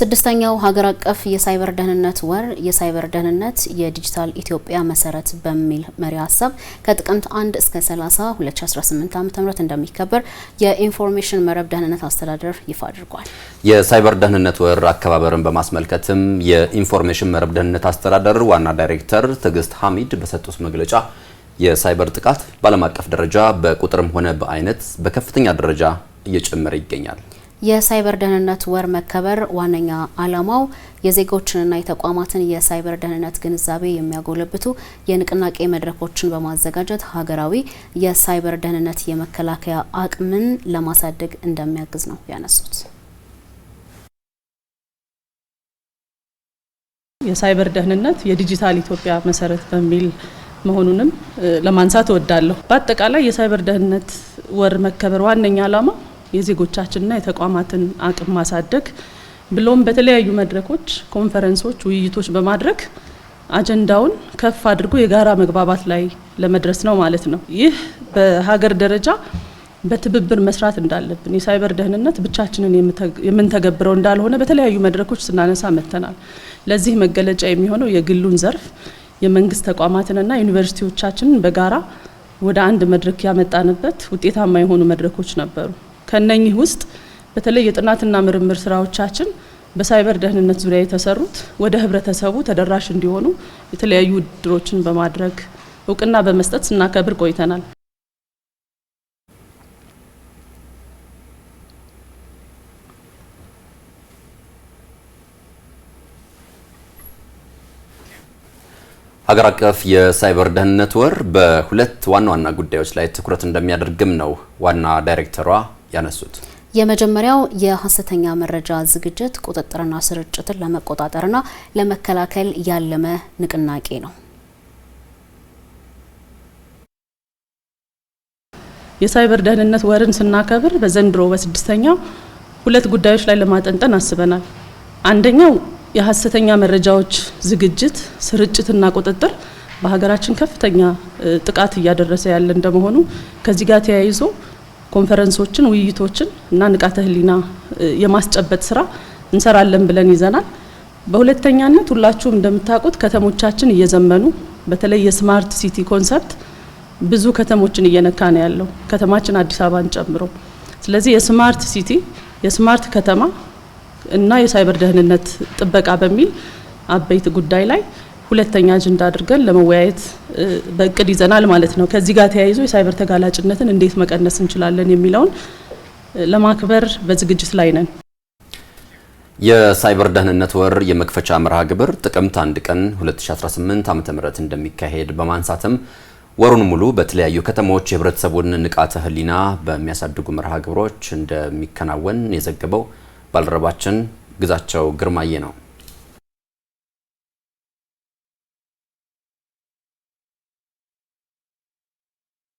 ስድስተኛው ሀገር አቀፍ የሳይበር ደህንነት ወር የሳይበር ደህንነት የዲጂታል ኢትዮጵያ መሰረት በሚል መሪ ሀሳብ ከጥቅምት 1 እስከ 30 2018 ዓ.ም እንደሚከበር የኢንፎርሜሽን መረብ ደህንነት አስተዳደር ይፋ አድርጓል። የሳይበር ደህንነት ወር አከባበርን በማስመልከትም የኢንፎርሜሽን መረብ ደህንነት አስተዳደር ዋና ዳይሬክተር ትዕግስት ሀሚድ በሰጡት መግለጫ የሳይበር ጥቃት በዓለም አቀፍ ደረጃ በቁጥርም ሆነ በአይነት በከፍተኛ ደረጃ እየጨመረ ይገኛል። የሳይበር ደህንነት ወር መከበር ዋነኛ ዓላማው የዜጎችንና የተቋማትን የሳይበር ደህንነት ግንዛቤ የሚያጎለብቱ የንቅናቄ መድረኮችን በማዘጋጀት ሀገራዊ የሳይበር ደህንነት የመከላከያ አቅምን ለማሳደግ እንደሚያግዝ ነው ያነሱት። የሳይበር ደህንነት የዲጂታል ኢትዮጵያ መሰረት በሚል መሆኑንም ለማንሳት እወዳለሁ። በአጠቃላይ የሳይበር ደህንነት ወር መከበር ዋነኛ ዓላማ የዜጎቻችንና የተቋማትን አቅም ማሳደግ ብሎም በተለያዩ መድረኮች ኮንፈረንሶች፣ ውይይቶች በማድረግ አጀንዳውን ከፍ አድርጎ የጋራ መግባባት ላይ ለመድረስ ነው ማለት ነው። ይህ በሀገር ደረጃ በትብብር መስራት እንዳለብን የሳይበር ደህንነት ብቻችንን የምንተገብረው እንዳልሆነ በተለያዩ መድረኮች ስናነሳ መጥተናል። ለዚህ መገለጫ የሚሆነው የግሉን ዘርፍ የመንግስት ተቋማትንና ዩኒቨርሲቲዎቻችንን በጋራ ወደ አንድ መድረክ ያመጣንበት ውጤታማ የሆኑ መድረኮች ነበሩ። ከነኚህ ውስጥ በተለይ የጥናትና ምርምር ስራዎቻችን በሳይበር ደህንነት ዙሪያ የተሰሩት ወደ ህብረተሰቡ ተደራሽ እንዲሆኑ የተለያዩ ውድድሮችን በማድረግ እውቅና በመስጠት ስናከብር ቆይተናል። ሀገር አቀፍ የሳይበር ደህንነት ወር በሁለት ዋና ዋና ጉዳዮች ላይ ትኩረት እንደሚያደርግም ነው ዋና ዳይሬክተሯ ያነሱት። የመጀመሪያው የሀሰተኛ መረጃ ዝግጅት ቁጥጥርና ስርጭትን ለመቆጣጠርና ለመከላከል ያለመ ንቅናቄ ነው። የሳይበር ደህንነት ወርን ስናከብር በዘንድሮ በስድስተኛው ሁለት ጉዳዮች ላይ ለማጠንጠን አስበናል። አንደኛው የሀሰተኛ መረጃዎች ዝግጅት ስርጭትና ቁጥጥር በሀገራችን ከፍተኛ ጥቃት እያደረሰ ያለ እንደመሆኑ ከዚህ ጋር ተያይዞ ኮንፈረንሶችን፣ ውይይቶችን እና ንቃተ ህሊና የማስጨበጥ ስራ እንሰራለን ብለን ይዘናል። በሁለተኛነት ሁላችሁም እንደምታውቁት ከተሞቻችን እየዘመኑ በተለይ የስማርት ሲቲ ኮንሰፕት ብዙ ከተሞችን እየነካ ነው ያለው ከተማችን አዲስ አበባን ጨምሮ። ስለዚህ የስማርት ሲቲ የስማርት ከተማ እና የሳይበር ደህንነት ጥበቃ በሚል አበይት ጉዳይ ላይ ሁለተኛ አጀንዳ አድርገን ለመወያየት በእቅድ ይዘናል ማለት ነው። ከዚህ ጋር ተያይዞ የሳይበር ተጋላጭነትን እንዴት መቀነስ እንችላለን የሚለውን ለማክበር በዝግጅት ላይ ነን። የሳይበር ደህንነት ወር የመክፈቻ መርሃ ግብር ጥቅምት አንድ ቀን 2018 ዓ.ም እንደሚካሄድ በማንሳትም ወሩን ሙሉ በተለያዩ ከተሞች የህብረተሰቡን ንቃተ ህሊና በሚያሳድጉ መርሃ ግብሮች እንደሚከናወን የዘገበው ባልደረባችን ግዛቸው ግርማዬ ነው።